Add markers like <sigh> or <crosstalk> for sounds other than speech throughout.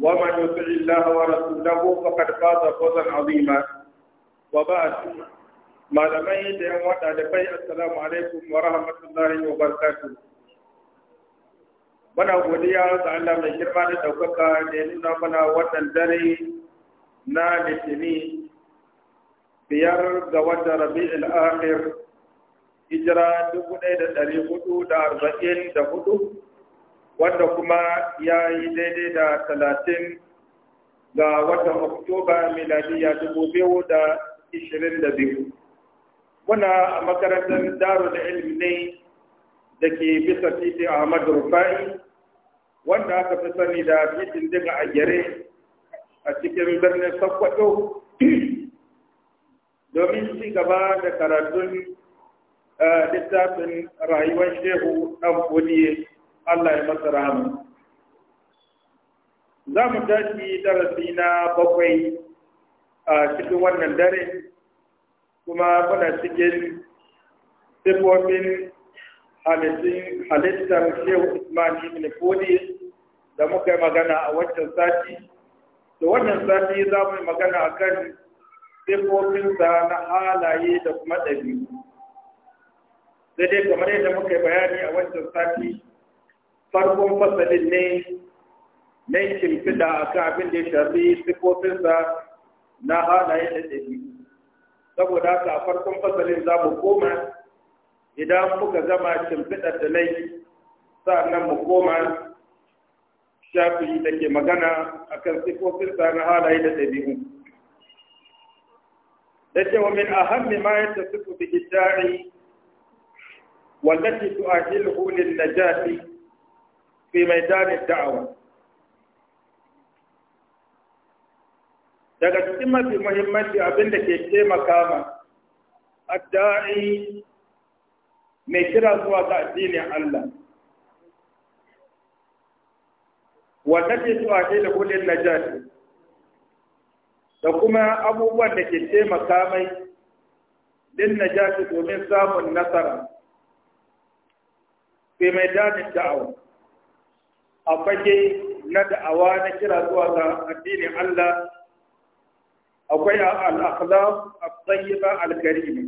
ومن يطع الله ورسوله فقد فاز فوزا عظيما وبعد ما لم يدعم وتعلفي السلام عليكم ورحمة الله وبركاته muna godiya ga mai girma da ɗaukaka da ya nuna mana watan dare na litini biyar ga watan rabi'ul akhir hijira dubu ɗaya da ɗari hudu da arba'in da hudu wanda kuma ya yi daidai da talatin ga watan oktoba miladiya dubu biyu da ishirin da biyu muna a makarantar daro da ilmi ne da ke bisa titi Ahmadu rufai wanda aka fi sani da titin daga a a cikin birnin sakwado domin ci gaba da karatun eh, littafin rayuwar shehu ɗan foliye Allah ya masa rahama za mu tashi darasi na bakwai a cikin wannan dare kuma muna cikin sifofin halittar shehu Usman ibn Fodi da muka yi magana a wancan sati da wannan sati za mu yi magana a kan sifofinsa na halaye da kuma ɗabi'u sai dai kamar yadda muka yi bayani a wancan sati farkon fasalin ne na shimfiɗa a kan abin da ya shafi sifofinsa na halaye da ɗabi saboda haka a farkon fasalin za mu koma idan muka gama shimfiɗa da nai nan mu koma shafi da ke magana a kan sifofinsa na halaye da ɗabi'u da cewa min ahammi ma ya ta bihi da'i wallati tu'ahiluhu lin fi maidanin da'awa daga cikin mafi muhimmanci abin da ke taimaka ma adda'i mai kira zuwa ga addinin Allah wanda ke zuwa ke da kudin najasi da kuma abubuwan da ke taimaka mai din najasi domin samun nasara fi mai damin da'awa a fage na da'awa na kira zuwa ga addinin Allah akwai al-akhlaq at-tayyiba al-karima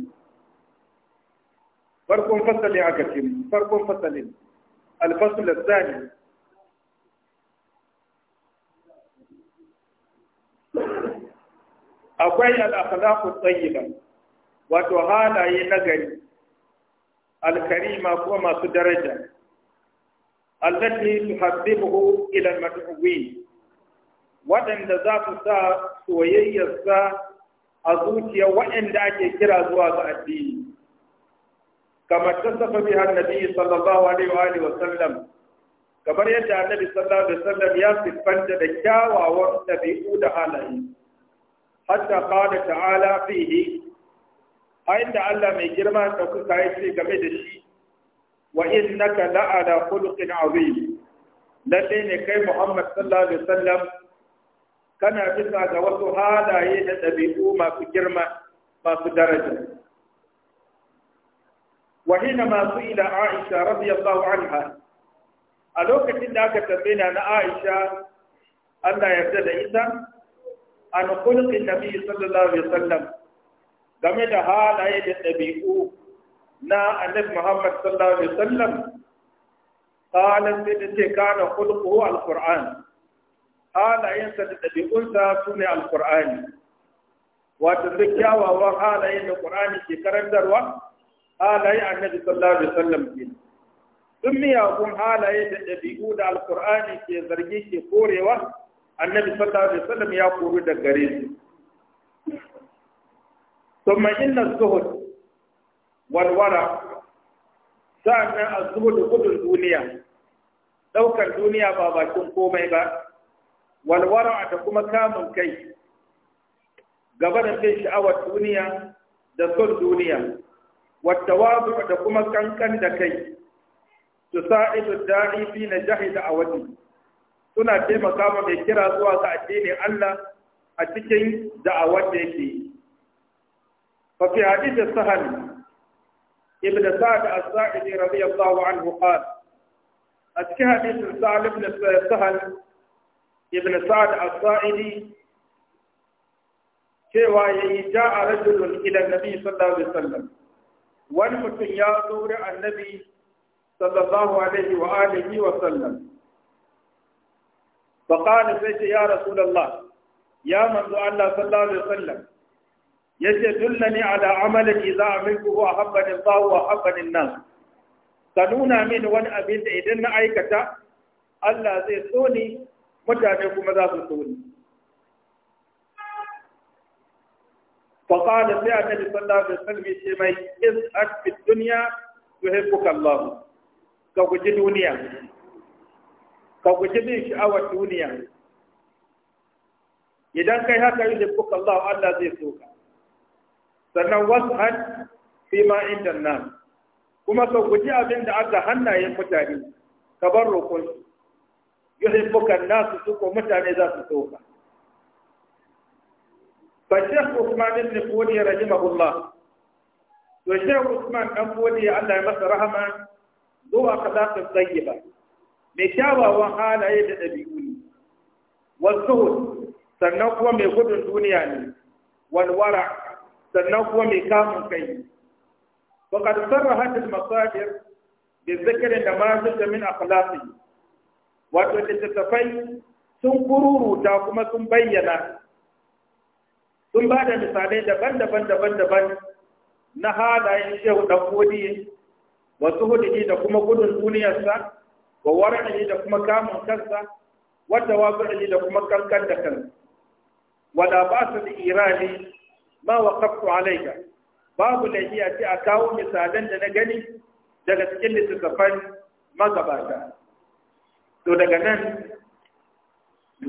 farkon fasali aka ce farkon fasalin al-fasl al-thani akwai al-akhlaq at-tayyiba wato halaye nagari al-karima kuma masu daraja allati tuhabbibuhu ila al-mad'uwin waɗanda za su sa soyayyarsa a zuciya waɗanda ake kira zuwa ga addini kamar ta safa biha annabi sallallahu alaihi wa alihi wa sallam kamar yadda annabi sallallahu alaihi sallam ya siffanta da kyawawan ɗabi'u da halaye hatta qala ta'ala fihi a inda Allah mai girma ɗaukaka ya ce game da shi wa innaka la'ala khuluqin azim lalle ne kai Muhammad sallallahu alaihi wasallam kana bisa ga wasu halaye da ɗabi'u masu girma masu daraja wa hina ma su'ila Aisha radiyallahu anha a lokacin da aka tambaye na Aisha Allah yarda da ita an khuluqin nabi sallallahu alaihi game da halaye da ɗabi'u na annabi Muhammad sallallahu alaihi wasallam qala sai da ce kana khulquhu alquran halayensa da dabi'un su ne alquran wato duk wa halayen da alquran ke karantarwa yi annabi sallallahu alaihi wasallam ke duk miyagun halaye da dabi'u da alquran ke zargi ke korewa annabi sallallahu alaihi wasallam ya kori da gare su ثم إن الزهد walwara sa'annan da gudun duniya ɗaukar duniya ba bakin komai ba walwara da kuma kamun kai gaba da kai sha'awar duniya da son duniya wattawazu da kuma kankan da kai Su Sa'idu da'i fi najahi da awadi suna taimaka ma mai kira zuwa ga addinin Allah a cikin da'awar da yake fa fi hadith ابن سعد الساعدي رضي الله عنه قال أتكه ابن سعد بن سهل ابن سعد الساعدي كيوائي جاء رجل إلى النبي صلى الله عليه وسلم ونمت يا دور النبي صلى الله عليه وآله وسلم فقال سيدي يا رسول الله يا من الله صلى الله عليه وسلم yace dullani ala a idza amiltuhu a Allah wa a nas ka nuna mini wani abin da idan na aikata Allah zai so ni mutane kuma za su so ni فقال سي النبي صلى الله عليه وسلم شي duniya su في الدنيا يحبك الله duniya, ka guji min sha'awar duniya. idan kai haka yi da Allah Allah zai so sannan was'al fi ma inda nan kuma ka guji abin da aka hannayen mutane ka bar roƙon bukan nasu su ko mutane za su so Ba Bashir Usman ibn rajima rahimahullah to Sheikh Usman dan ya Allah ya masa rahama zuwa kadatu ba mai kyawawan halaye da ɗabi'u ne wasu sannan kuma mai gudun duniya ne walwara sannan kuma mai kamun kai وقد صرحت المصادر بذكر نماذج a أخلاقه wato littattafai sun kururuta kuma sun bayyana sun ba da misalai daban-daban daban-daban na halayen shehu da kodi wasu hudu da kuma gudun duniyarsa wa warani da kuma kamun kansa wata wazuri da kuma kankan da kansa da ba su da irani ma waqaftu alayka babu da a ce a kawo misalan da na gani daga cikin littattafan magabata to daga nan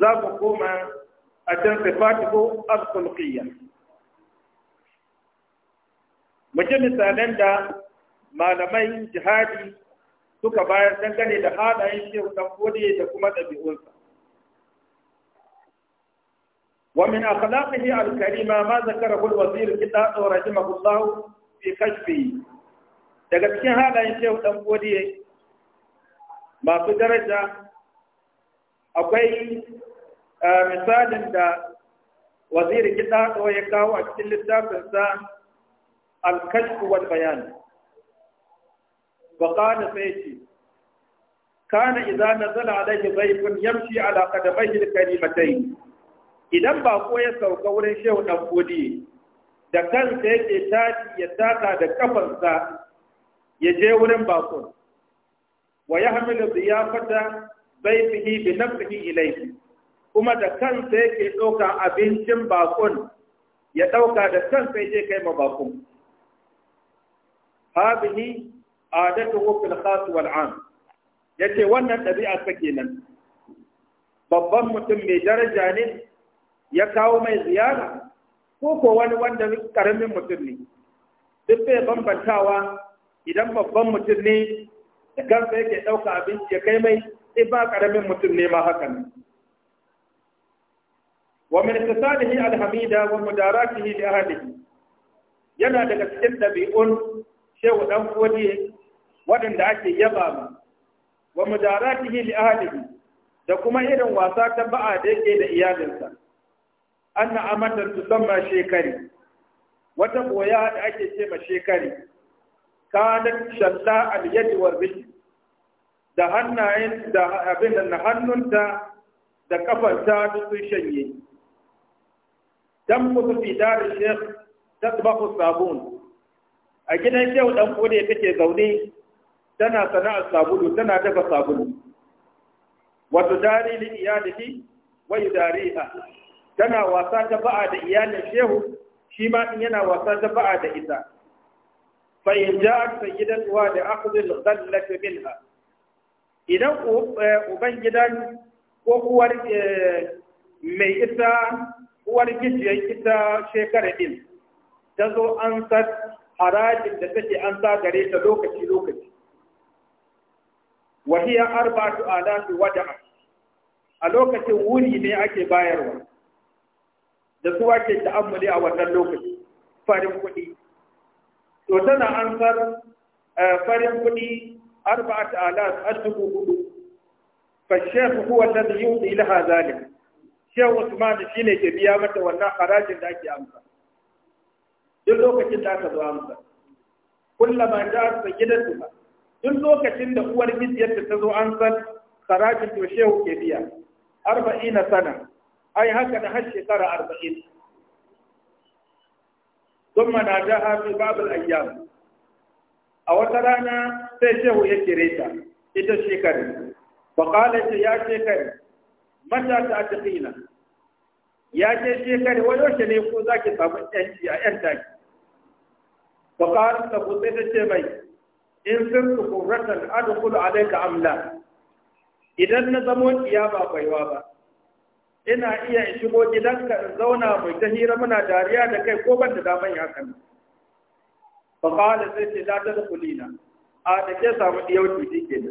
za ku koma a can sifatiku al-khulqiyya mu misalan da malamai jihadi suka bayar dangane da halayen shehu dan da kuma ɗabi'unsa ومن أخلاقه الكريمة ما ذكره الوزير كتاب رحمه الله في كشفه daga cikin halayen kyau ɗan godiye masu daraja akwai misalin da waziri kita ya kawo a cikin littafin sa al-kashf wal bayan wa qala sayyidi kana idza nazala alayhi dhayfun yamshi ala qadamayhi al-karimatayn idan ba ko ya sauka wurin shehu dan kodi da kansa yake tashi ya taka da kafarsa ya je wurin bako wa ya hamilu ziyafata baitihi bi nafsihi ilayhi kuma da kansa yake doka abincin bakon ya ɗauka da kansa yake kai ma bakon hadhihi adatuhu fil khas wal am yace wannan ɗabi'a take nan. babban mutum mai daraja ne ya kawo mai ziyara ko ko wani wanda karamin mutum ne duk bai bambantawa idan babban mutum ne da kansa yake ɗauka abinci ya kai mai sai ba karamin mutum ne ma ne wa min iktisalihi alhamida wa mudaratihi li ahlihi yana daga cikin ɗabi'un shehu ɗan kodi waɗanda ake yaba ma wa mudaratihi li ahlihi da kuma irin wasa ta ba'a da yake da iyalinsa anna amatar tusamma shekari wata boya da ake ce ma shekari ka da al yadi wal da hannayen da abin da hannunta da kafarta ta sun shanye Dan tamkutu fi dar shaykh tatbaqu sabun a gidan shehu dan kode take zaune tana sana'ar sabulu tana dafa sabulu wato dari li iyalihi wa yudariha tana wasa ta ba'a da iyalin shehu shi ma din yana wasa ta ba'a da ita fa in sayyidan wa da al dhallati minha idan eh, uban gidan ko uwar eh, mai ita uwar gijiyar ita shekara din ta zo an sa harajin da take an sa gare ta lokaci lokaci hiya arba'atu alaf wada'a a lokacin wuri ne ake bayarwa da su ake ta'ammuli a wannan lokaci farin kuɗi to tana an far eh, farin kuɗi arba'at alaf addubu hudu fa shehu huwa alladhi yudi laha zalim. shehu usman shine ke biya mata wannan harajin da ake amsa duk lokacin da aka zo amsa kullama ja'at sayyidatuha duk lokacin da uwar mijiyarta ta zo an san harajin to shehu ke biya arba'ina sana ai haka da har shekara arba'in don mana da hafi babul ayyam a wata rana sai shehu ya kire ta ita shekaru faƙala ce ya shekaru mata ta taƙina ya ce shekaru wani wace ne ko za ki samu ƴanci a ƴan taki faƙala ta ku ta ce mai in sun sirtu kurratan adkhulu alayka amla idan na zamo ba baiwa ba ina iya in shigo gidanka in zauna mai ta hira muna dariya da kai ko ban da daman ya kan fa qala sai ce la kulina a da ke samu diyauci ke da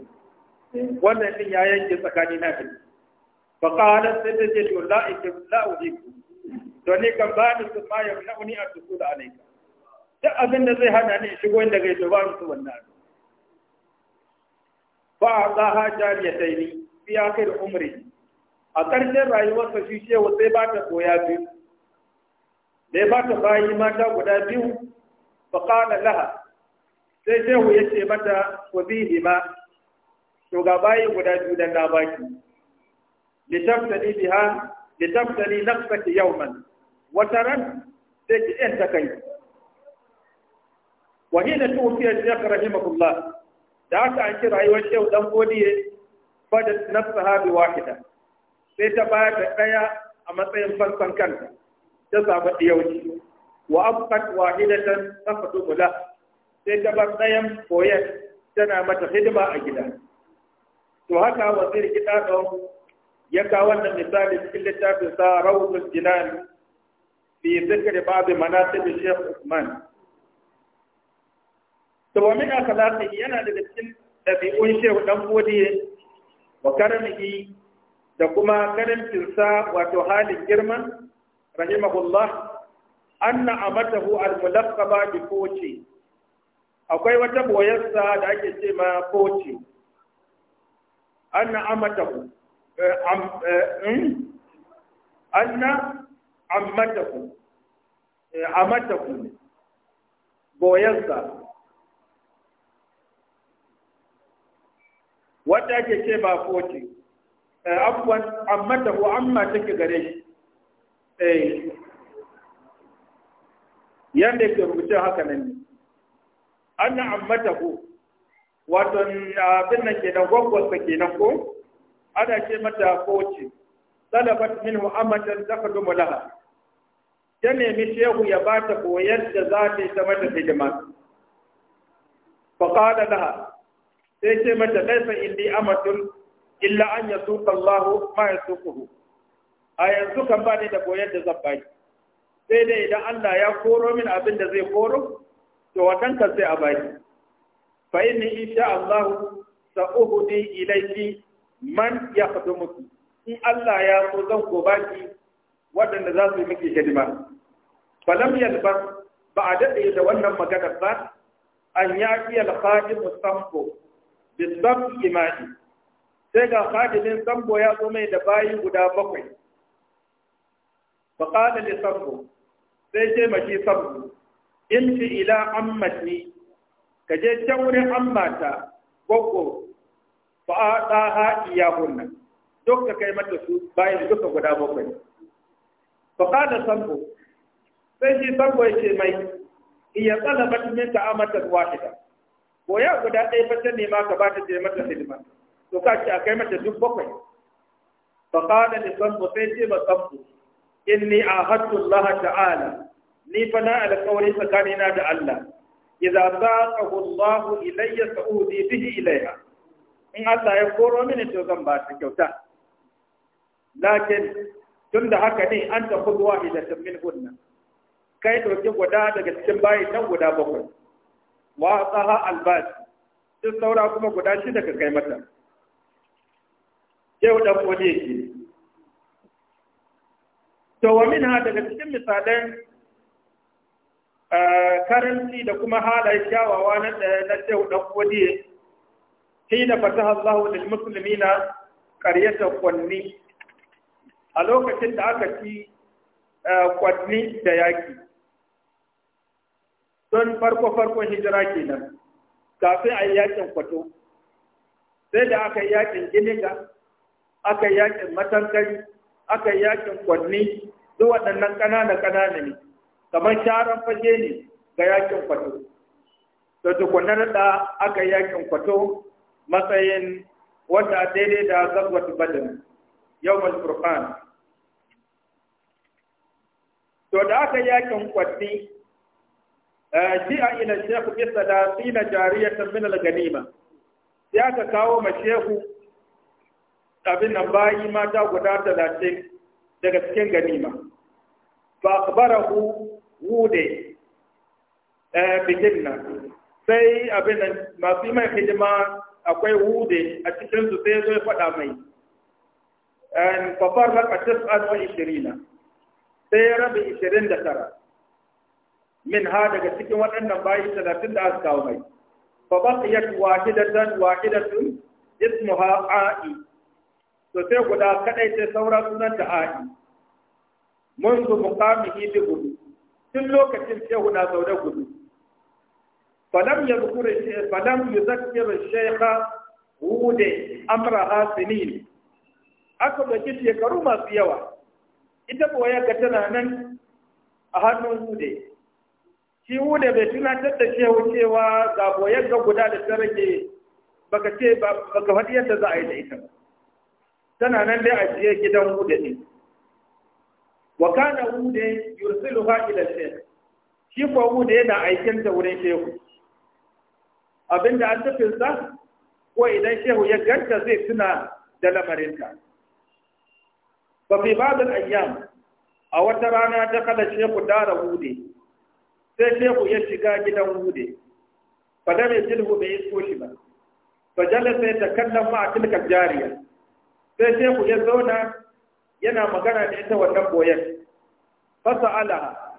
wannan din ya yanke tsakani na da fa qala sai ta ce to la ikim la uhiku to ne kan ba ni su ma a an da alayka duk abin da zai hana ni shigo inda kai to ba su wannan fa ta ha jariyataini fi akhir umri a ƙarshen rayuwarsa shi wa sai ba ta koya biyu da ya ba ta bayi mata guda biyu ba ƙana laha sai shehu ya ce mata ko bi ma to ga bayi guda biyu da na baki litaftani biha litaftani man, yawman ran sai ki ta kai wa hina tuwfiya shaykh rahimahullah da aka an kira rayuwar shehu dan godiye fadat nafsaha bi wahida sai ta baya da ɗaya a matsayin fansan kanta ta samu ɗiyauci wa abqat wahidatan tafdu la sai ta bar ɗayan koyar tana mata hidima a gida to haka wazir gida don ya kawo wannan misali cikin littafin sa rawdul jinan fi zikri ba'd manasib shaykh usman to wa min akhlaqi yana daga cikin dabi'un shaykh dan fodi wa karamihi da kuma karimcinsa wato halin girma rahimahullah anna amatahu al-mulaqqaba bi koci akwai wata boyarsa da ake ce ma koci anna amatahu eh, eh, hmm? anna amatahu eh, amatahu boyarsa wata ake ce ma koci Eh, afwan amma ta ko amma take gare shi eh yanda yake rubuce haka nan ne anna ammata ko wato abin nan kenan ke kenan ko ana ce mata ce talabat minhu amatan taqdumu mulaha ta nemi shehu ya ba ta koyar da za ta yi ta mata hidima fa qala laha sai ce mata kaifa indi amatun illa an ya suka Allahu ma ya hu a yanzu kan ba ne da koyar da zan baki sai dai idan Allah ya koro min abin da zai koro to watan kan sai a baki fa in insha Allah sa'uhudi ilayki man yakhdumuki in Allah ya so zan ko baki waɗanda za su yi miki hidima falam yalbas ba a daɗe da wannan magana ba an ya fi alhaji musamman bisbab imani sai ga khadimin sambo ya zo mai da bayi guda bakwai faqala da sambo sai ce mashi sambo in fi ila ammati ka je can wurin ammata gwaggo fa'aɗa ha hunna duk ka kai mata su bayan duka guda bakwai faqala sambo sai ji sambo ya ce mai iya tsalabat ta amata wahida ko ya guda ɗaya fata ne ma ka ba ta je mata hidimata to ka ce a kai mata duk bakwai fa qala li sabbu sai ce ba sabbu inni ahadtu Allah ta'ala ni fa na alƙawari tsakanina da Allah idza saqahu Allah ilayya sa'udi bihi ilayha in Allah ya koro mini to zan ba ta kyauta lakin tunda haka ne an ta kudu wahidatan min hunna kai dauki guda daga cikin bayi nan guda bakwai wa tsaha albas duk saura kuma guda shida ka kai mata shehu ko fodiyo ke to wa ha daga cikin misalan eh, karanci da kuma halaye kyawawa na eh, na shehu ne fodiyo hina fataha Allahu lil muslimina qaryatan qanni a lokacin da aka ci eh, kwanni da yaki don farko farkon hijira kenan kafin a yi yakin kwato sai da aka yi yakin giniga aka yakin matankari aka yakin kwanni duk waɗannan ƙanana ƙanana ne kamar sharan fage ne ga yakin kwato to tukunan da aka yakin kwato matsayin wata daidai da zagwatu badin yau mai furkan to da aka yakin kwanni eh, a ila Shehu bisa da tsina jariya min al-ganima sai aka kawo ma shehu abin nan bayi mata guda talatin daga cikin ganima fa akhbarahu wude eh, bikin nan sai abin nan masu mai hidima akwai wude a cikin su sai zai faɗa mai fa farraqa tis'an wa ishirina sai ya rabi ishirin da tara min ha daga cikin waɗannan bayi talatin da aka kawo mai fa baqiyat wahidatan wahidatun ismuha a'i to sai guda kadai sai sauran sunan ta a'i منذ مقامه بغدو tun lokacin shehu na zaune gudu falam ya zukura falam ya zakkira shaykha wude amraha sinin aka dauki shekaru masu yawa ita kuwa ya tana nan a hannun wude shi wude bai tunatar da shehu cewa ga boyar ga guda da ta rage baka ce baka faɗi yadda za a yi da ita ba tana nan dai a jiye gidan hude ne wa kana hude yursiluha ila shek shi ko hude yana aikin ta wurin shehu abinda an tafin sa ko idan shehu ya ganta zai tuna da lamarinta fa fi babin ayyam a wata rana ta kada shehu dara hude sai shehu ya shiga gidan hude fa da mai jilhu bai isko shi ba fa jalasa ya takallama a tilkar jariya sai shehu ya zauna yana magana da ita wannan boyar fasa alaha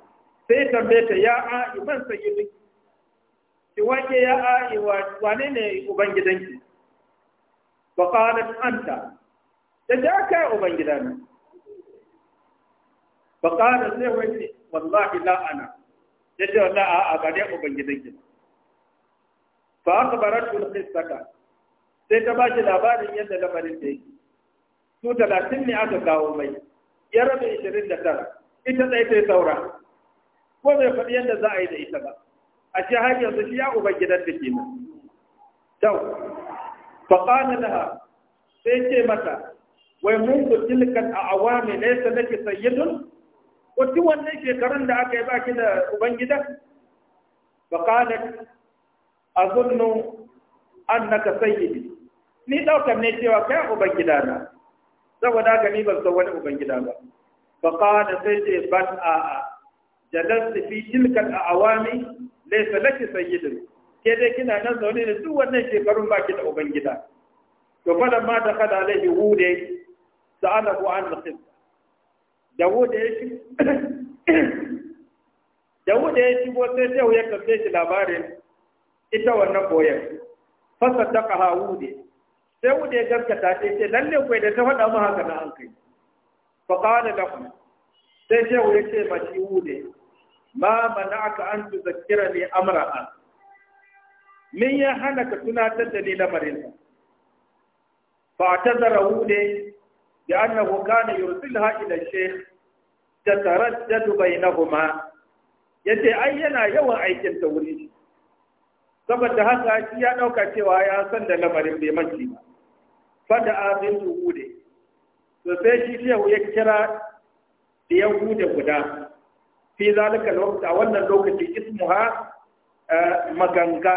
sai tambaye ta ya a'i man sayyidi ki wake ya a'i wane ne ubangidanki ba qalat anta da ja kai ubangidana ba qala sai wani wallahi la ana yace wallahi a ba gane ubangidanki fa akhbaratu al-qissata sai ta bashi labarin yadda lamarin da yake su talatin ne aka kawo mai ya rabe ishirin da tara ita tsaye ta saura ko bai faɗi yadda za a yi da ita ba a ce har yanzu shi ya uban gidan da ke nan kyau faƙana laha sai ce mata wai mun ku tilkan a awami laisa nake sayyidun wata wannan shekarun da aka yi ba ki da ubangida zunnu an naka sayyidi ni ɗaukar ne cewa kai ubangida na saboda haka ni ban san wani ubangida ba fa qala sai ce ban a a jalastu fi tilka al-awami laysa laki sayyidun ke dai kina nan zaune ne duk wannan shekarun ki da ubangida to fa ma da kada alaihi wude sa'alahu an al Da wude ya <coughs> da wude ya shigo sai sai ya kalle shi labarin ita wannan boyar fa saddaqaha wude sai mu da ya gaskata sai ce lalle kwai da ta faɗa mu haka na an kai fa qala lahu sai ce ya ce ba shi wude ma mana'aka an tuzakkira ni amra'a min ya hana ka tunatar da ni lamarin fa tazara wude bi annahu kana yursilha ila shaykh tataraddadu bainahuma yace ai yana yawan aikin ta wuri saboda haka shi ya dauka cewa ya san da lamarin bai manci ba fada abin yahude to sai shi shehu ya kira da yahude guda fi zalika lokaci a wannan lokaci ismuha eh, maganga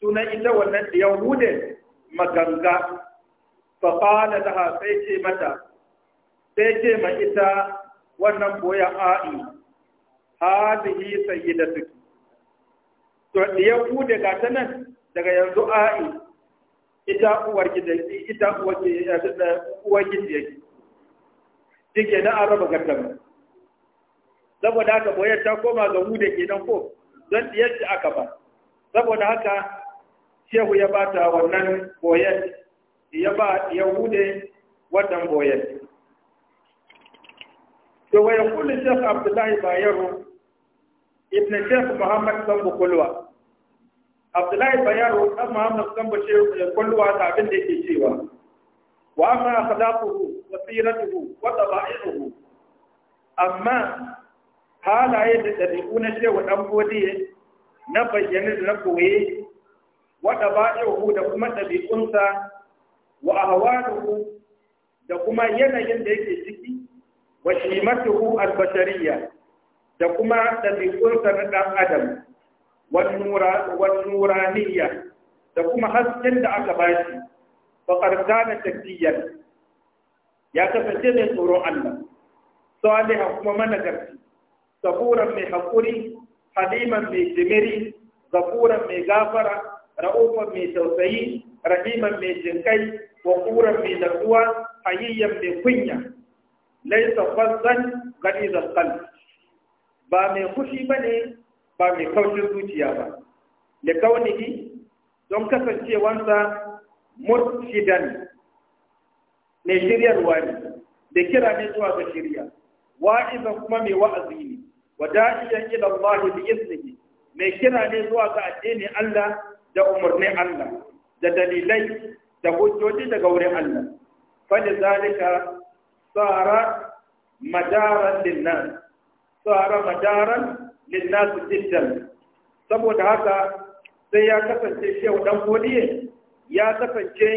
sunan ita wannan da yahude maganga fa qala laha sai ce mata sai ce ma ita wannan boya a'i hadihi sayyidatuki to da yahude ga tanan nan daga yanzu a'i ita uwar gida ita uwar gida uwar gida dike na araba gaddama saboda haka boyar ta koma ga mu da kenan ko don diyar ta aka ba saboda haka shehu ya ba ta wannan boyar ya ba yahude wannan boyar to wa yaqulu shaykh abdullahi bayero ibn shaykh muhammad sanbu kulwa abdullahi bayaro dan muhammad kan bace kulluwa da abin da yake cewa wa ma akhlaquhu wa siratuhu wa taba'iruhu amma halaye da ɗabi'u na wa dan bodi na bayyana da na koye wa taba'iruhu da kuma dabi'unsa wa ahwaluhu da kuma yanayin da yake ciki wa shimatuhu al-bashariyya da kuma dabi'unsa na dan adam والنورانية تقوم حسن دعك باشي فقد كان تكتيا يا تفتن صورو الله صالحا كما من نجرتي صبورا من حقوري حليما من جمري غفورا من غافرة رؤوفا من توسعي رحيما من جنكي وقورا من نقوى حييا من كنيا ليس فظا غليظ القلب با من خشي بني ba mai kaushin zuciya ba li kaunihi don kasancewansa murshidan mai shiryarwa ne da kira ne zuwa ga shirya wa'iza kuma mai wa'azi ne wa da'iyan ila Allah bi iznihi mai kira ne zuwa ga addini Allah da umarnin Allah da dalilai da hujjoji daga wurin Allah fa da zalika sara madaran linnas sara madaran للناس جدا saboda haka sai ya kasance shehu dan godiye ya kasance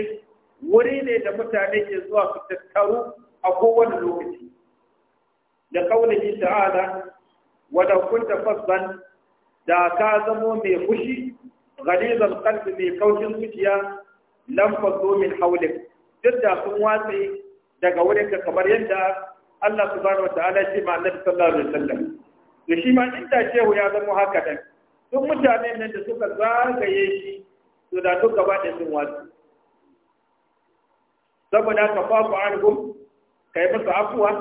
wuri ne da mutane ke zuwa su tattaru a kowane lokaci da kaulihi ta'ala wa da kunta fasban da ka zamo mai fushi ghalizal qalbi mai kaushin zuciya lam fasu min hawlik duk da sun watse daga wurin ka kamar yadda Allah subhanahu wa ta'ala ya ce ma sallallahu alaihi wasallam da shi ma inda shehu ya zama haka dan duk mutane nan da suka zagaye shi to da duk gaba da sun wasu saboda ka fafu gum kai musu afuwa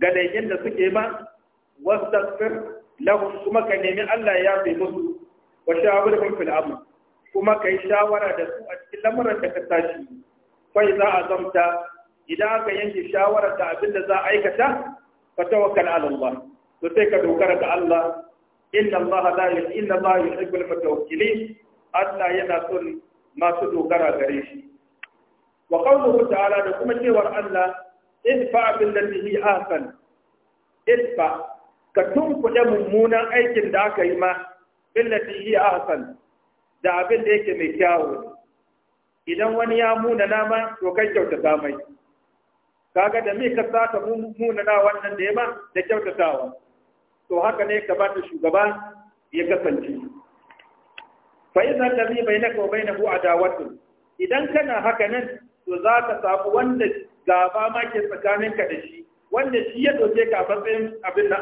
ga laifin da suke ba wastaghfir lahum kuma ka nemi Allah ya fi musu wa shawirhum fil amr kuma kai shawara da su a cikin lamuran da ka tashi fa a azamta idan aka yanke shawara da abin da za a aikata fa tawakkal ala Allah to sai ka dogara da Allah inna Allah la inna Allah yuhibbul mutawakkilin Allah yana son masu dogara gare shi wa qawluhu ta'ala da kuma cewar Allah idfa bil lati hi ahsan idfa ka tunkuɗe mummunan aikin da aka yi ma bil lati hi ahsan da abin da yake mai kyawu idan wani ya muna nama to kai kyautata mai kaga da me ka saka muna na wannan da yama da kyautatawa to haka ne ka kamata shugaba ya kasance fa na alladhi bainaka wa a adawatun idan kana haka nan to za ka samu wanda gaba ma ke tsakaninka da shi wanda shi ya doke ka a matsayin abin na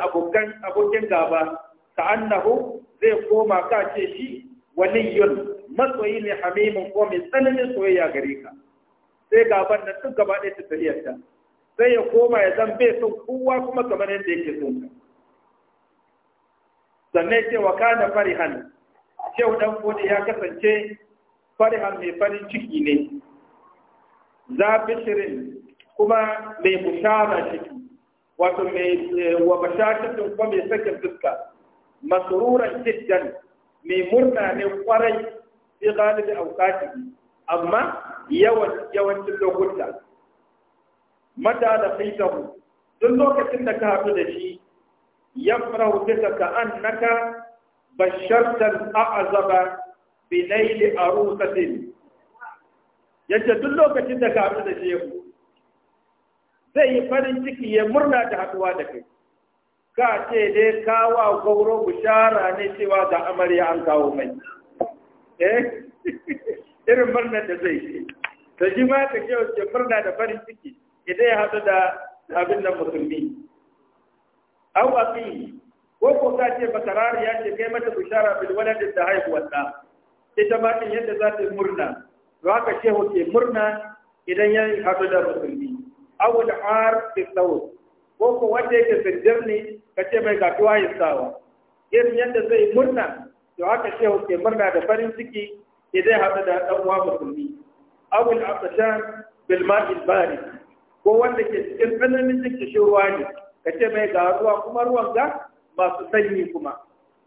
abokin gaba ka annahu zai koma ka ce shi Wani yun matsoyi ne hamimin ko mai tsananin soyayya gare ka sai gaban nan tun gaba ɗaya ta sai ya koma ya zan bai son kowa kuma kamar yadda yake son ka sannan ce wa kana farihan shehu dan fodi ya kasance farihan mai farin ciki ne za bishirin kuma mai bushara ciki wato mai eh, wa bashatin kuma mai sakin fuska masruran jiddan mai murna ne kwarai fi galibi aukati amma yawan yawancin lokuta mata da ku. duk lokacin da ka haɗu da shi يفرح بك ka annaka الأعزب بليل أروسة يجد arusatin yace duk lokacin da ka haɗu shehu zai yi farin ciki ya murna da haɗuwa da kai ka ce dai kawa gauro bishara ne cewa ga amarya an kawo mai eh irin murnar da zai yi ta ji ma murna da farin ciki idan ya haɗu da abin da musulmi aw aqi ko ko ce bakarar ya ce kai mata bishara bil walad da haihuwar da ita ma din yadda za ta murna to haka shehu ke murna idan ya haɗu da musulmi aw al har fi sawt ko ko wanda yake sirjar ne ka ce mai ga tuwa yasawa irin yadda zai murna to haka shehu ke murna da farin ciki idan haɗu da ɗan uwa musulmi aw al aqshan bil ma'il ko wanda ke cikin tsananin cikin ruwa ne ka ce mai ga ruwa kuma ruwan ga masu sanyi kuma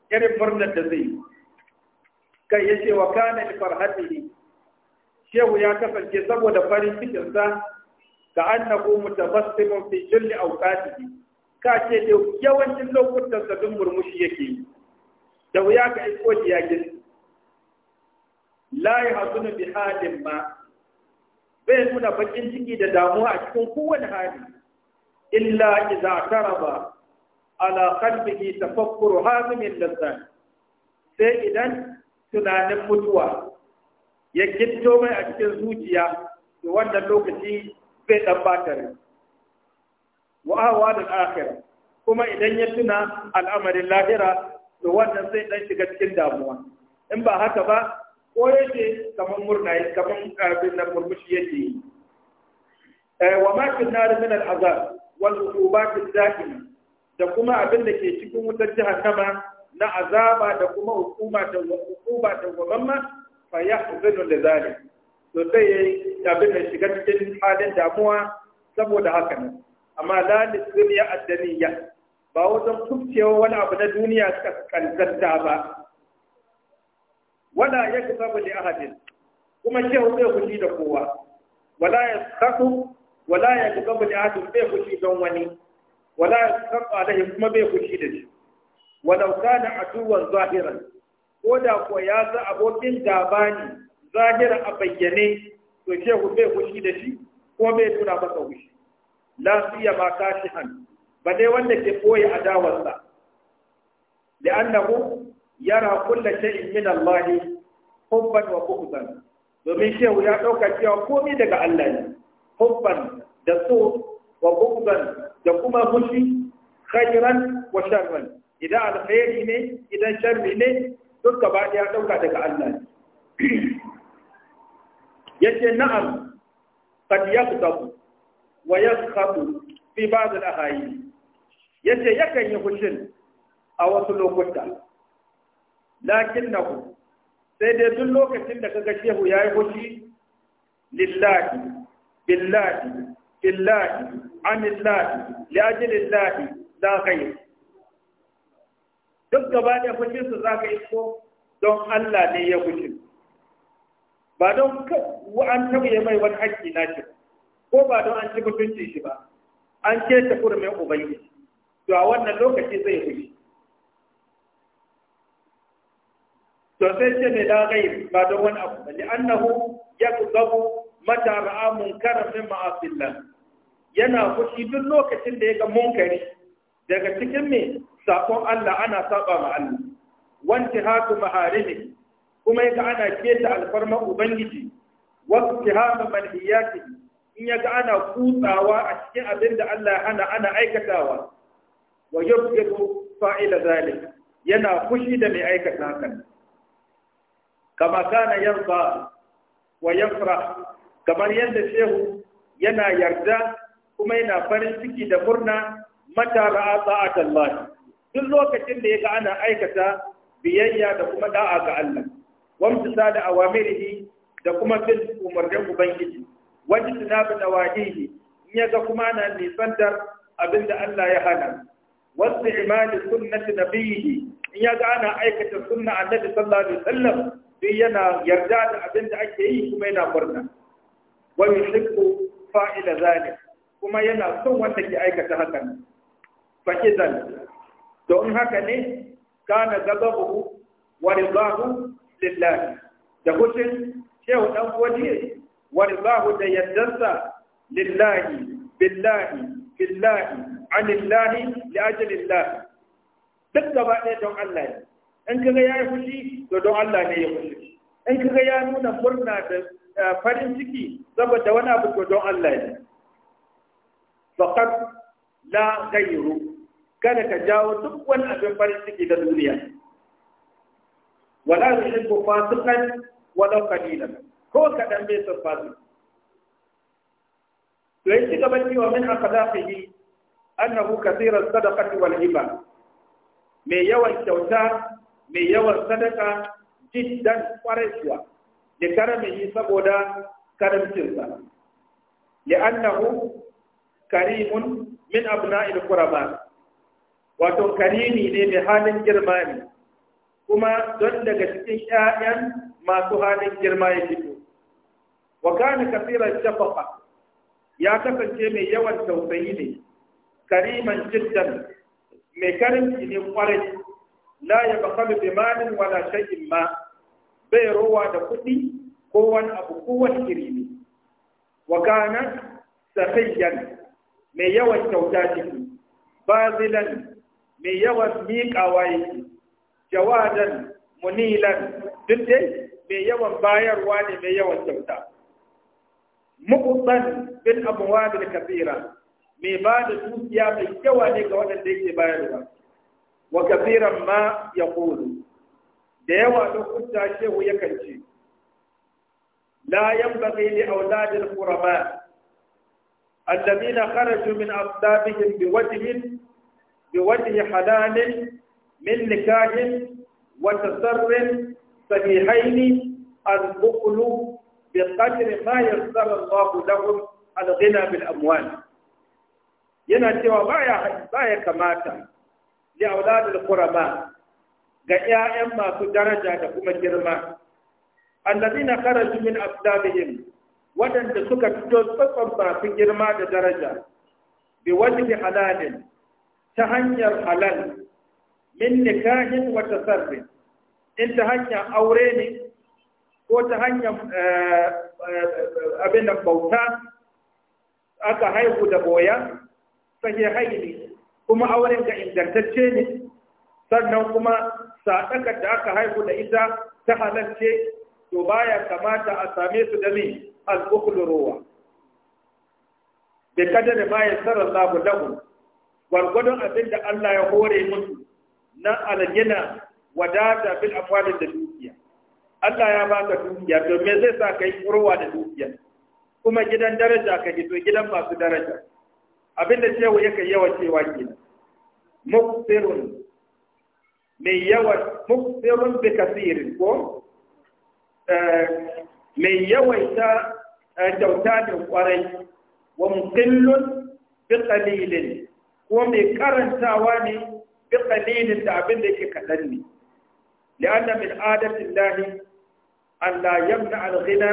irin murnar da zai kai ya ce wa kana li farhatihi shehu ya kasance saboda farin cikin sa ka annahu mutabassimun fi kulli awqatihi ka ce da yawancin lokutan sa dun murmushi yake da wuya ka iko ji ya gin la yahzunu bi halin ma bai nuna bakin ciki da damuwa a cikin kowane hali illa idza taraba ala qalbihi tafakkuru hazimil lazan sai idan tunanin mutuwa ya gitto mai a cikin zuciya to wannan lokaci zai dan bata rai wa ahwal kuma idan ya tuna al'amarin lahira to wannan zai ɗan shiga cikin damuwa in ba haka ba ko yake kamar murna kamar abin da murmushi yake yi wa ma fi nar min al والعقوبات uqubat da kuma abin da ke cikin wutar jihar kama na azaba da kuma hukuma da hukuma da gwamma fa yahzanu da zalik to sai yayi abin da shiga cikin halin damuwa saboda haka ne amma la dunya ad ya. ba wajen kubcewa wani abu na duniya suka kanzanta ba wala yakfa li ahadin kuma shehu zai fushi da kowa wala yaskatu wala ya buga Bani da bai fushi don wani wala ya kafa da kuma bai fushi da shi walau kana aduwan zahiran ko da ko ya za abokin gaba ne zahira a bayyane to shehu bai fushi da shi ko bai tura masa fushi la siya ma kashi ba dai wanda ke koyi adawarsa li'annahu yara kulla shay'in min Allah hubban wa bughdan domin shehu ya dauka cewa komai daga Allah ne hubban da so wa bugdan da kuma fushi khairan wa sharran idan alkhairi ne idan sharri ne duk gaba ɗaya ɗauka daga Allah yace na'am qad yaqdabu wa yaskhatu fi ba'd al yace yakan yi hushin a wasu lokuta lakinnahu sai dai duk lokacin da kaga shehu yayi hushi lillahi billahi illahi anillahi liajilillahi za ka yi duk gaba da su za ka isko don Allah ne ya fushi ba don an tauye mai wani haƙƙi na shi ko ba don an ci mutunci shi ba an ce ta kurmin ubangiji to a wannan lokaci zai fushi to sai ce mai da ba don wani abu ba li annahu yaqdabu mata ra'a munkara min ma'asillah yana fushi duk lokacin da ya ga munkari daga cikin me sakon Allah ana saba ma Allah wanti hatu maharimi kuma yaga ana keta alfarma ubangiji wa hatu manhiyati in yaga ana kutsawa a cikin abin da Allah ana ana aikatawa wa yubghidu fa'ila zalik yana fushi da mai aikata hakan kama kana yarda wa yafrah kamar yadda shehu yana yarda kuma yana farin ciki da murna mata ra'a sa'atan Allah duk lokacin da yaga ana aikata biyayya da kuma da'a ga Allah wamtisa da awamirihi da kuma bin umarnin ubangiji wajen tunabi da wahihi in yaga kuma na nisantar abin da Allah ya hana wasu imani sunnati nabiyyi in yaga ana aikata sunna annabi sallallahu alaihi wasallam duk yana yarda da abin da ake yi kuma yana murna wa yuhibbu fa'ila zalik kuma yana son wanda ke aikata hakan fa idan don haka ne kana gabahu wa ridahu lillahi da kushin shehu dan godiye wa ridahu da yaddarsa lillahi billahi billahi anillahi li ajlillah duk gaba ɗaya don Allah ne in kaga yayi fushi to don Allah ne ya fushi in kaga ya nuna murna da farin ciki saboda wani abu to don Allah ne faqat la ghayru kada ka jawo duk wani abin farin ciki da duniya wala yuhibbu fasiqan wala qalilan ko kadan bai san fasik to yake bani wa min aqdaqihi annahu kathira sadaqati wal hiba mai yawan kyauta mai yawan sadaka jiddan kwarai da yi saboda karamcinsa ya annahu karimun min abna'il quraba wato karimi ne mai halin girma ne kuma don daga cikin 'ya'yan masu halin girma ya fito wa kana kafiran shafaqa ya kasance mai yawan tausayi ne kariman jiddan mai karimci ne kwarai la ya bakalu bi malin wala shay'in ma bai rowa da kuɗi ko wani abu kowane iri ne wa kana mai yawan kyauta ciki bazilan mai yawan miƙawa yake jawadan munilan duk dai mai yawan bayarwa ne mai yawan kyauta muqtan bin abu al kafira mai ba da dukiya mai yawa ne ga waɗanda yake bayarwa wa kafiran ma ya kulu da yawa lokuta shehu yakan ce la yanbaghi li auladil qurama na kharaju min asdabihim biwajhin biwajhi halalin min nikahin wa tasarrin sahihaini al-bukhlu بقدر ما يسر الله لهم الغنى بالأموال yana cewa baya baya kamata li auladul qurama ga 'ya'yan masu daraja da kuma girma allazina kharaju min afdalihim waɗanda suka fito tsatson masu girma da daraja bi wajhi halalin ta hanyar halal min nikahin wa tasarri in ta hanyar aure ne ko ta hanyar eh, abin bauta aka haihu da boya sahihai ne kuma auren ga ingantacce ne sannan kuma saɗakar da aka haihu da ita ta halarce to baya kamata a same su da mai al-ukhlu ruwa bi da ma yassara labu lahu gwargwadon abin da Allah ya hore musu na algina wadata bil amwalin da dukiya Allah ya baka dukiya to me zai sa kai ruwa da dukiya kuma gidan daraja ka to gidan masu daraja abinda cewa yake yawa cewa kenan muktirun mai yawan mukfirun bi kasirin ko eh, mai yawaita eh, kyauta da kwarai wa muqillun bi qalilin ko mai karantawa ne bi qalilin da abin da yake kaɗan ne li'anna min adati Allah an la yamna al-ghina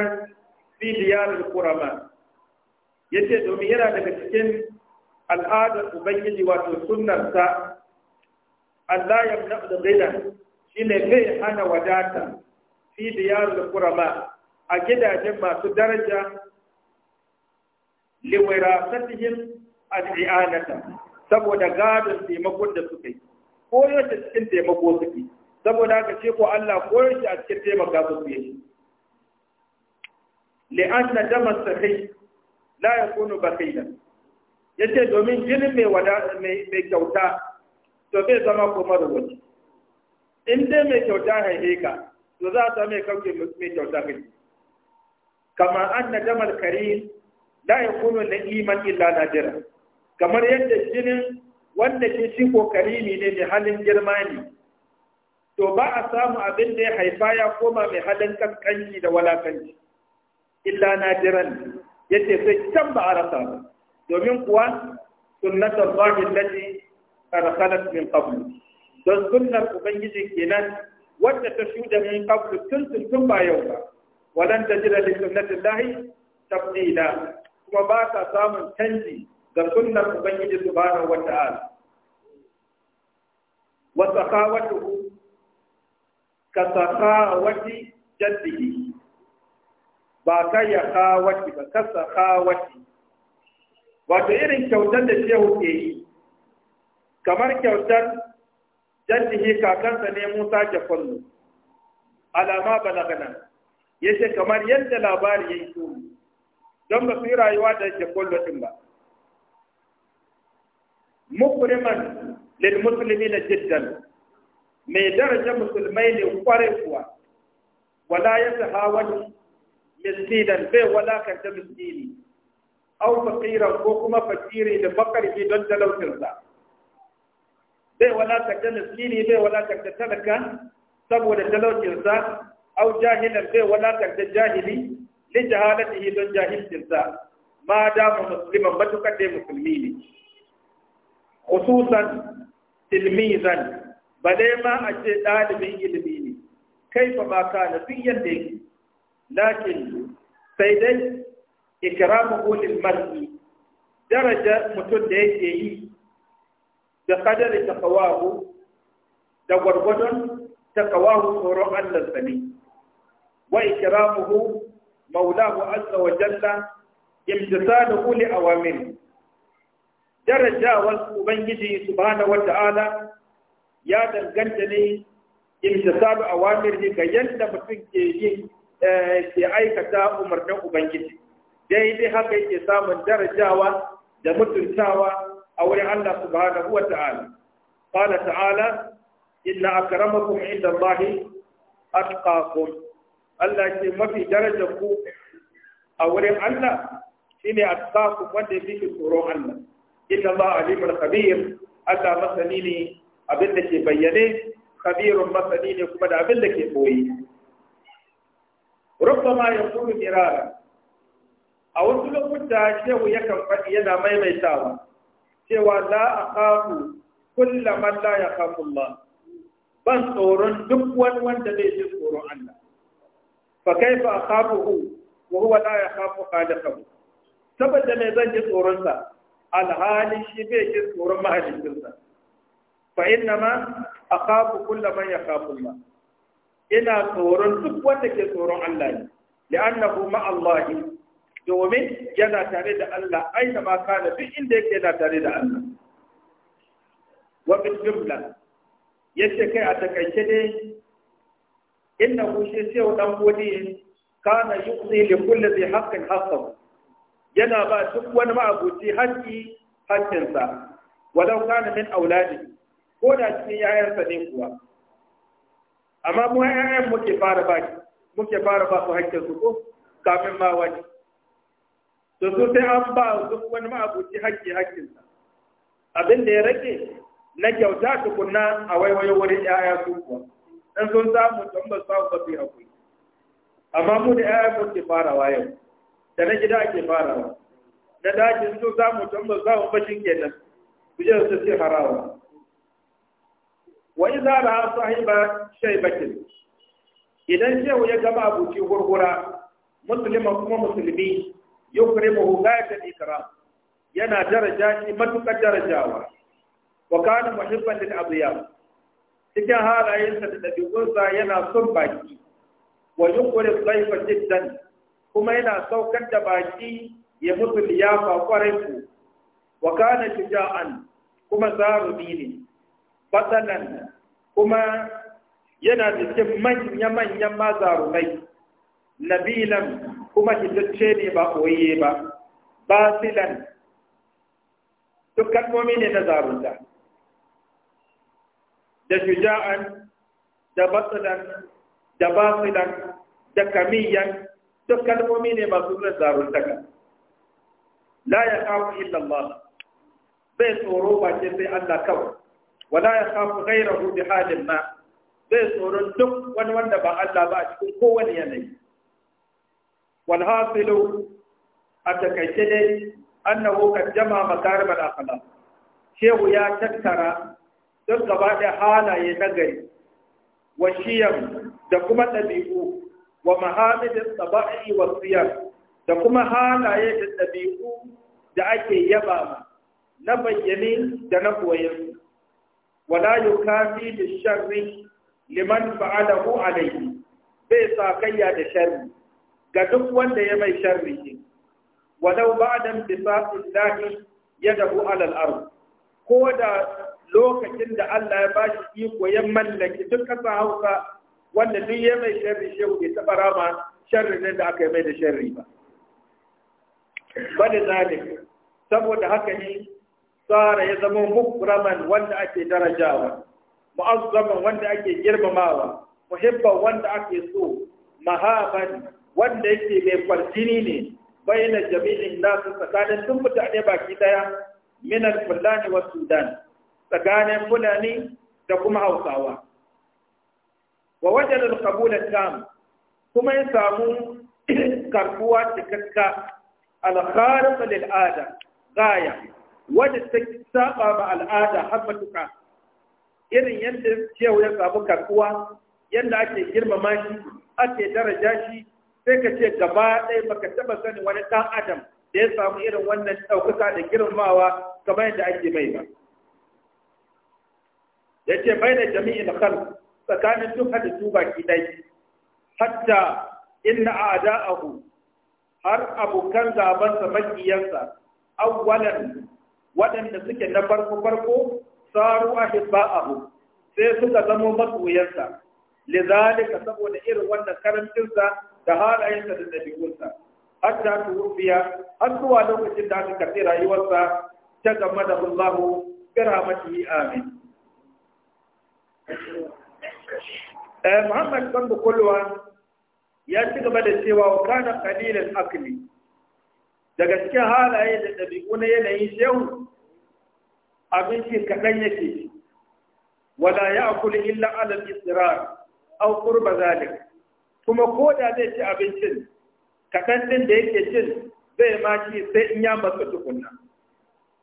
fi diyar qurama yace domin yana daga cikin al'adar ubangiji wato sunnarsa Allah ya mna da gidan shi ne kai hana wadata fi da yaro da kurama a gidajen masu daraja liwirasatihim al-i'anata saboda gadon taimakon da suka yi koyo da cikin taimako suke saboda ka ce ko Allah koyo shi a cikin taimaka su fiye shi li'anna dama sahi la yakunu ya yace domin jinin mai wada mai kyauta to bai zama ko marubuci in dai mai kyauta haihe ka to za a mai kauce mai kyauta kai kamar an na damar kari da ya kuma na iman illa jira kamar yadda jinin wanda ke shi kokari ne ne mai halin girma ne to ba a samu abin da ya haifa ya koma mai halin kankanci da walakanci illa nadiran yace sai can ba a rasa ba domin kuwa sunnatar zahir lati kada khalat min qablu don sunnar ubangiji kenan wadda ta shuda min qablu tun tun tun ba yau ba walan tajida li sunnatillahi da kuma ba ta samun canji ga sunnar ubangiji subhanahu wata'ala wa sakawatuhu ka sakawati jaddihi ba ka ya kawati ba ka sakawati wato irin kyautar da shehu ke yi kamar kyautar jaddihi kakansa ne Musa Jafallu alama balagana yace kamar yadda labari yayi to don ba su yi rayuwa da kullu din ba mukriman lil na jiddan mai daraja musulmai ne kwarai kuwa wala ya yatahawani miskinan bai wala ta miskini au fakiran ko kuma fakiri da makarfi don talautinsa bai walatar da miskini bai walatar da talaka saboda talaucinsa au jahilan bai walatar da jahili li jahalatihi don jahilcinsa ma dama musliman matukar dai musulmi ne khususan tilmizan bale ma a ce ɗalibin ilimi ne kai fa ba ka na duk yadda yake lakin sai dai ikramu ulil mar'i daraja mutum da yake yi da kadari kawahu da gwargwadon kawahu tsoron Allah sani wa ikramuhu maulahu azza wa jalla imtisaluhu Awamin. awamir darajawar ubangiji subhanahu ta'ala ya danganta ne imtisalu awamir ne ga yadda mutum ke yin eh, ke aikata umarnin ubangiji daidai haka yake samun darajawa da mutuntawa a wurin Allah subhanahu wa ta'ala qala ta'ala inna akramakum inda Allahi atqakum Allah ce mafi darajar ku a wurin Allah shine atqakum wanda yake tsoron Allah inna Allah alimul khabir Allah masani ne abin da ke bayyane masani ne kuma da abin da ke koyi ربما يقول مرارا a wasu lokuta shehu yakan faɗi yana maimaitawa cewa la kafu kulla man la kafu Allah ban tsoron duk wani wanda zai ji tsoron Allah fa kafu hu wa huwa la kada kafu saboda me zan ji tsoron sa alhali shi bai ji tsoron sa fa inna ma kafu kulla man ya kafu Allah ina tsoron duk wanda ke tsoron Allah ne li'annahu ma'allahi Allah domin yana tare da Allah aina ka da duk inda yake yana tare da Allah wa bil jumla yace kai a takaice ne inna hu shi sai dan ka kana yuqdi li kulli zai haqqin haqqahu yana ba duk wani ma'abuci haƙƙi haƙƙinsa walau kana min auladi ko da cikin yayansa ne kuwa amma mu yayan muke fara ba muke fara ba su ko kafin ma wani to so sai an ba duk wani ma'abuci hakki haƙƙinsa abin da ya rage na kyauta tukunna a waiwayo wurin ƴaƴa su kuwa dan sun samu don ba su ba su hakuri amma mu da ƴaƴa mu ke farawa yau da na gida ke farawa da daji sun samu don ba su ba shi kenan ku je su ce harawa wa idza ra'a sahiba shaybatin idan shehu ya gaba abuci gurgura musulman kuma musulmi yukrimuhu ghayatul ikram yana daraja shi matukar darajawa wa kana muhibban lil abyam cikin halayensa da dabi'unsa yana son baki wa yukrim dhaifa jiddan kuma yana saukar da baki ya mutu liyafa kwarai ku wa kana shuja'an kuma zarumi ne batanan kuma yana cikin manya-manyan mazarumai nabilan kuma hitacce ne ba koyayye ba basilan duk kalmomi ne na zarunta da shuja'an da basilan da basilan da kamiyan duk kalmomi ne masu zarunta ka la ya kawo illallah bai tsoro ba ce sai Allah kawai wala ya kawo gairahu bi halin ma bai tsoron duk wani wanda ba Allah ba a cikin kowane yanayi Wani hafi lau a cakakke ne an nahu kajjama ma kare mana kala? Shehu ya tattara don gaba ɗaya halaye nagari. Wa shiyar kuma ɗabi'u wa muhammadin tsabar a yi wa siyar da kuma halaye da ɗabi'u da ake yaba na bayyane da na koyon. Wana yunƙafi da shan ri liman ba'a da huwannai be sa kaya da sharri ga duk wanda ya mai sharri walau ya bisatillahi yadahu alal ard ko da lokacin da Allah ya bashi iko ya mallaki duk kasa Hausa wanda duk ya mai sharri shi bai taba rama sharri ne da aka mai da sharri ba bada zalik saboda haka ne tsara ya zama mukraman wanda ake darajawa mu'azzaman wanda ake girmamawa muhibban wanda ake so mahaban wanda yake mai kwarjini ne baina jami'in nasu tsakanin fita ne baki daya minar fulani wa sudan tsakanin fulani da kuma hausawa wa wajen alkabula tam kuma ya samu <clears throat> karbuwa cikakka alkharif lil'ada gaya wadda ta saba ma al'ada har matuka irin yadda cewa ya samu karbuwa yadda ake girmama shi ake daraja shi sai ka ce gaba ɗaya baka taɓa sani wani ɗan adam da ya samu irin wannan ɗaukaka da girmamawa kamar yadda ake mai ba ya ce bai da jami'in kan tsakanin duk halittu ki ɗai hatta inna abu, har abokan gabansa makiyansa awwalan waɗanda suke na farko farko saru abu, sai suka zama masoyansa lizalika saboda irin wannan karancinsa da halayensa da ta su tuwfiya har zuwa lokacin da aka karɓi rayuwarsa ta gama da Allah karamatihi amin eh, Muhammad kan bukulwa ya ci gaba da cewa wa kana qalilan akli daga cikin halaye da ɗabi'u na yanayin shehu abinci kaɗan yake wala ya akuli illa alal israr au qurba kuma ko da zai ci abincin kaɗan ɗin da yake cin zai ma ci sai in ya masu tukunna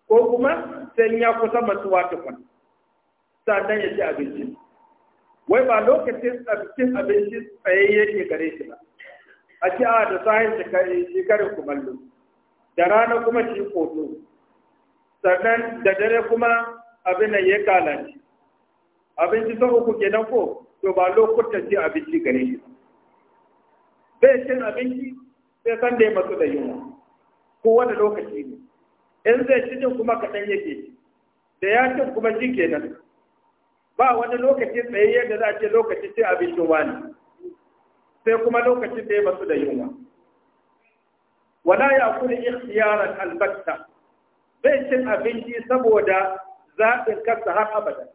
ko kuma sai in ya kusa matsuwa tukun sannan ya ci abincin wai ba lokacin cin abinci tsayayye yake gare shi ba a ci a ah, da sahin shekarar kumallo da rana kuma shi koto sannan da dare kuma abin da ya kalanci abinci sau uku kenan ko to ba lokutan ci abinci gare shi ba bai cin abinci sai san da ya matsu da yunwa ko wani lokaci ne in zai ci din kuma kaɗan yake da ya cin kuma ji kenan ba wani lokaci tsaye yadda za a ce lokaci ce abincin wani sai kuma lokacin da ya matsu da yunwa wala ya kuli ikhtiyaran albatta bai cin abinci saboda zaɓin kansa har abada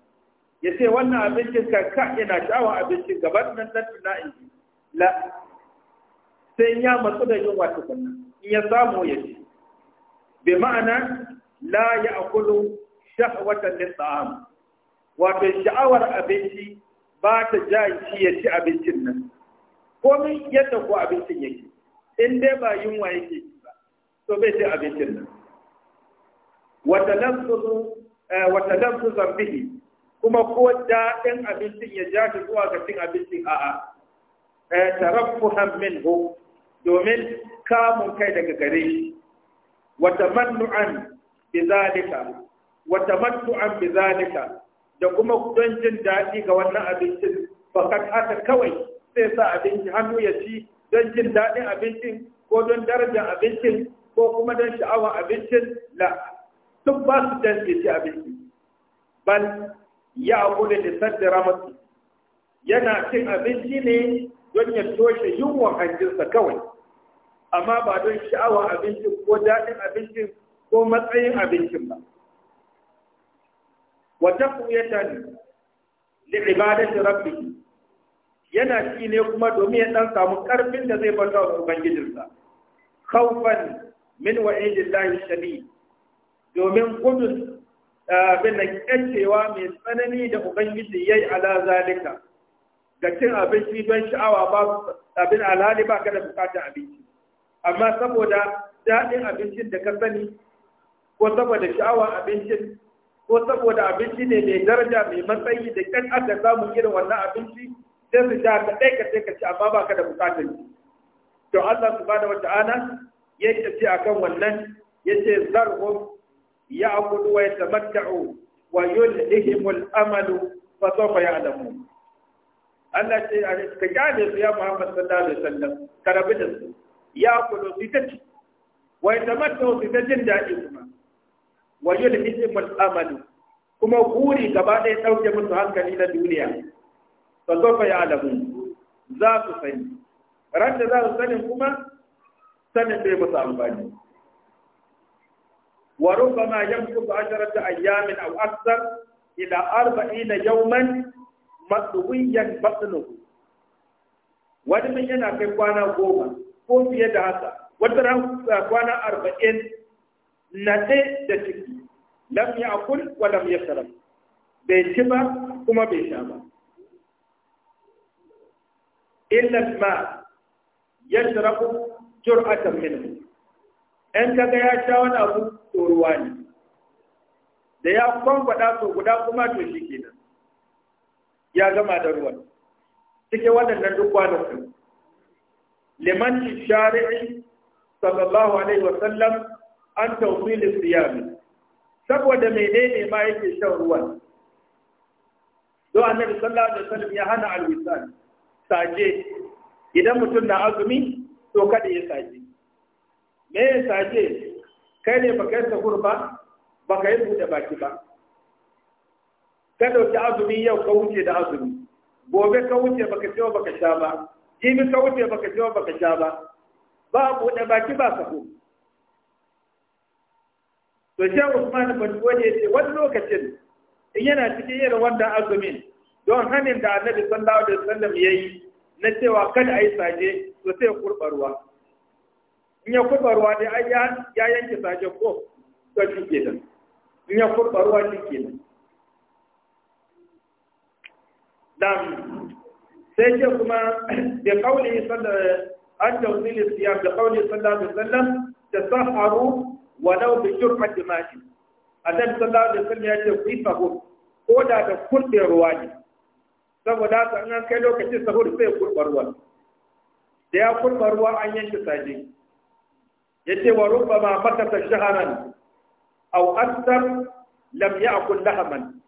ya ce wannan abincin kan ka ina sha'awar abincin gaban nan na inji la sai ya matsu da yunwa tukunna in ya samu ya ci bi ma'ana la ya akulu shahwatan lil ta'am wato sha'awar abinci ba ta ja shi ya ci abincin nan komai yadda ko abincin yake in dai ba wa yake ci ba to bai ci abincin nan wata lafzuzan eh, bihi kuma ko daɗin abincin ya ja shi zuwa ga cin abincin a'a eh, tarafu minhu domin kamun kai daga gare shi wa tamannu'an bizalika wa tamattu'an bizalika da kuma don jin daɗi ga wannan abincin fakat haka kawai sai sa abinci hannu ya ci don jin daɗin abincin ko don darajar abincin ko kuma don sha'awar abincin la duk ba su don ci abinci bal ya abu da sadda ramatu yana cin abinci ne don ya toshe yunwan hanjinsa kawai amma ba don sha'awar abinci ko daɗin abincin ko matsayin abincin ba tani da ibadar da rabbi yana shi ne kuma domin ya ɗan samu ƙarfin da zai bauta wa ubangijinsa khawfan min lahi Shani domin gudun eh, abin da mai tsanani da ubangiji yayi ala zalika ga cin abinci don sha'awa ba abin alhali ba ka da bukatar abinci amma saboda daɗin abincin da ka sani ko saboda sha'awa abincin ko saboda abinci ne mai daraja mai matsayi da kan aka samu irin wannan abinci sai su sha ka ɗaya ka sai ka ci amma ba ka da bukatar ci to Allah wata ana ya tafi kan wannan ya yace zarhum ya'budu wa yatamatta'u wa yulhihimul amalu fa sawfa ya'lamun Allah ce ka kyale su ya Muhammad sallallahu alaihi wasallam ka rabu da su ya kulo su ta ci wa yatamattu su ta jin daɗi kuma wa yulhihim al-amalu kuma guri gaba ɗaya ɗauke musu hankali na duniya fa zofa ya alamu za su sani ran da za su sani kuma sanin bai musu amfani وربما يمكث ajarata ayyamin aw أكثر ila أربعين yawman matsuwiyan batsunuhu wani min yana kai kwana goma ko fiye da haka wata ran eh, kwana arba'in na ce da ciki lam ya akul wa lam ya salam bai ci ba kuma bai sha ba illa ma yashrabu jur'atan minhu in kaga ya sha wani abu to ruwa ne da ya kwan gwada guda kuma to shi kenan ya gama da ruwan cikin waɗannan duk kwanakin liman shari'i sallallahu alaihi wasallam an tawfil siyami saboda menene ma yake shan ruwan don annabi sallallahu alaihi wasallam ya hana Alwisan. saje idan mutum na azumi to kada ya saje me ya saje kai ne baka yi sahur ba baka yi bude baki ba ka ɗauki azumi yau ka wuce da azumi gobe ka wuce baka ciwo baka sha ba jibi ka wuce baka ciwo baka sha ba ba buɗe baki ba sako to shi Usman bin Gode ce wani lokacin in yana cikin yin wanda azumi don hanin da Annabi sallallahu alaihi wasallam yayi na cewa kada yi saje to sai kurba ruwa in ya kurba ruwa dai ai ya yanke saje ko to shi kenan in ya kurba ruwa shi kenan Na'am. Sai ce kuma da kauli sallallahu an tawsil siyam da kauli wa alaihi wasallam tasaharu walau bi shurbat ma'i. Annabi sallallahu alaihi wasallam ya ce ku yi sahur ko da da kurbe ruwa ne. Saboda ta an kai lokacin sahur sai kurba ruwa. Da ya kurba ruwa an yanke saje. ce wa ma rubbama fatata shaharan aw akthar lam ya'kul lahaman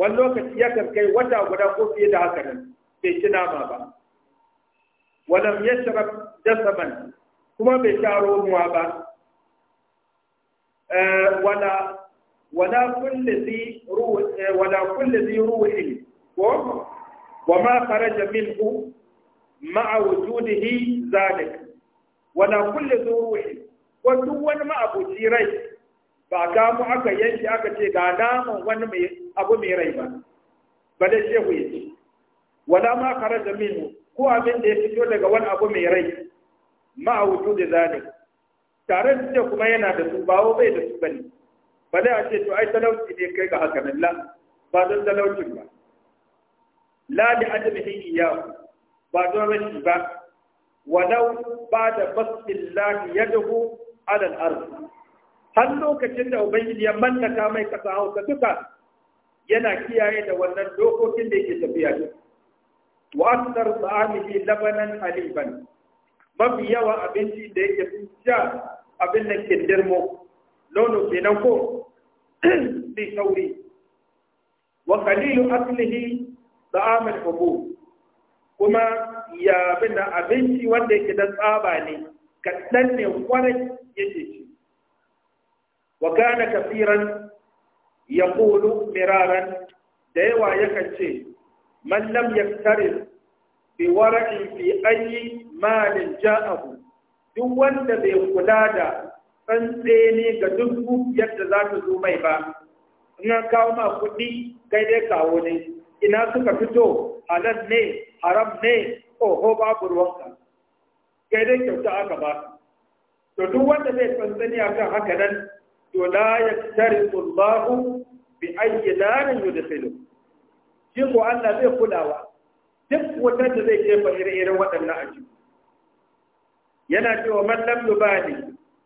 wani lokaci kan kai wata guda ko fiye da haka nan bai ci nama ba walam yashrab dasaman kuma bai sha romuwa ba eh, wala wala kulli zi ruwa eh, wala kulli zi ruhin ko wa ma kharaja minhu ma'a wujudihi zalik wala kulli zi ruhin ko duk wani abuci rai ba ga mu aka yanki aka ce ga naman wani mai abu mai rai ba da shehu ya ce wala ma kharaja minhu ko abin da ya fito daga wani abu mai rai ma da zane tare da ce kuma yana da su bawo bai da su bane da a ce to ai talauci ne kai ga haka nan la ba don talaucin ba la li ajlihi iyyahu ba don rashi ba walau ba da basbillahi yadahu ala al-ard har lokacin da ubangiji ya manta mai kasa hausa duka yana kiyaye da wannan dokokin da yake tafiya da wa akthar ta'amihi labanan haliban mafi yawa abinci da yake fi sha abin da ke dirmo nono kenan ko <clears throat> bi sauri wa qalilu aslihi ta'amul hubu kuma ya bin da abinci wanda yake da tsaba ne kaɗan ne kwarai yake ci wa kana kafiran ya kulu miraran da yawa yakan ce mallam ya tare bi wara'in fi ayi malin ja'ahu duk wanda bai kula da ne ga duk yadda za ta zo mai ba ina kawo ma kuɗi kai dai kawo ne ina suka fito halal ne haram ne oho babu ruwanka kai dai kyauta aka ba to duk wanda zai tsantsani akan haka nan to la yaktarisu Allahu bi ayyi narin yudkhilu shi ko Allah zai kulawa duk wata da zai jefa ire-iren waɗannan a ciki yana cewa man lam yubali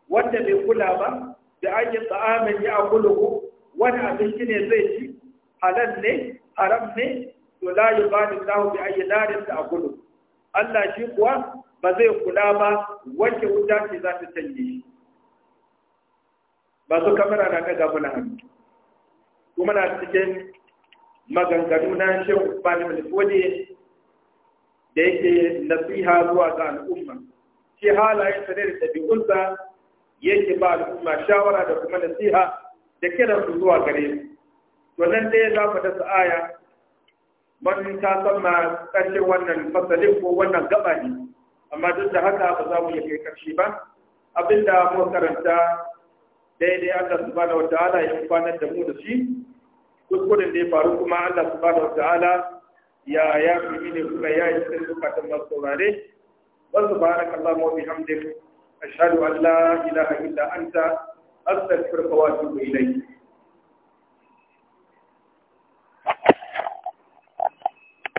wanda bai kula ba da ayyi ta'amin ya akuluhu wani abinci ne zai ci halal ne haram ne to la yubali Allahu bi ayyi narin akulu Allah shi kuwa ba zai kula ba wacce wuta ce za ta canje shi masu kamara na daga muna hannu kuma na cikin maganganu na shehu usman mai fodi da yake nasiha zuwa ga al'umma shi halayen sa ne da tabi'unsa yake ba al'umma shawara da kuma nasiha da kiran su zuwa gare su to nan dai za mu dasa aya mun ta san karshe wannan fasalin ko wannan gaba ne amma duk da haka ba za mu iya kai karshe ba abinda mu karanta daidai Allah subhanahu wataala ya kufanar da mu da shi kuskuren da ya faru kuma Allah subhanahu wataala ya ya fi mini kuma ya yi cikin bukatun masu saurare wa subhanakallahu wa bihamdik ashhadu an la ilaha illa anta astaghfiruka wa atubu ilayk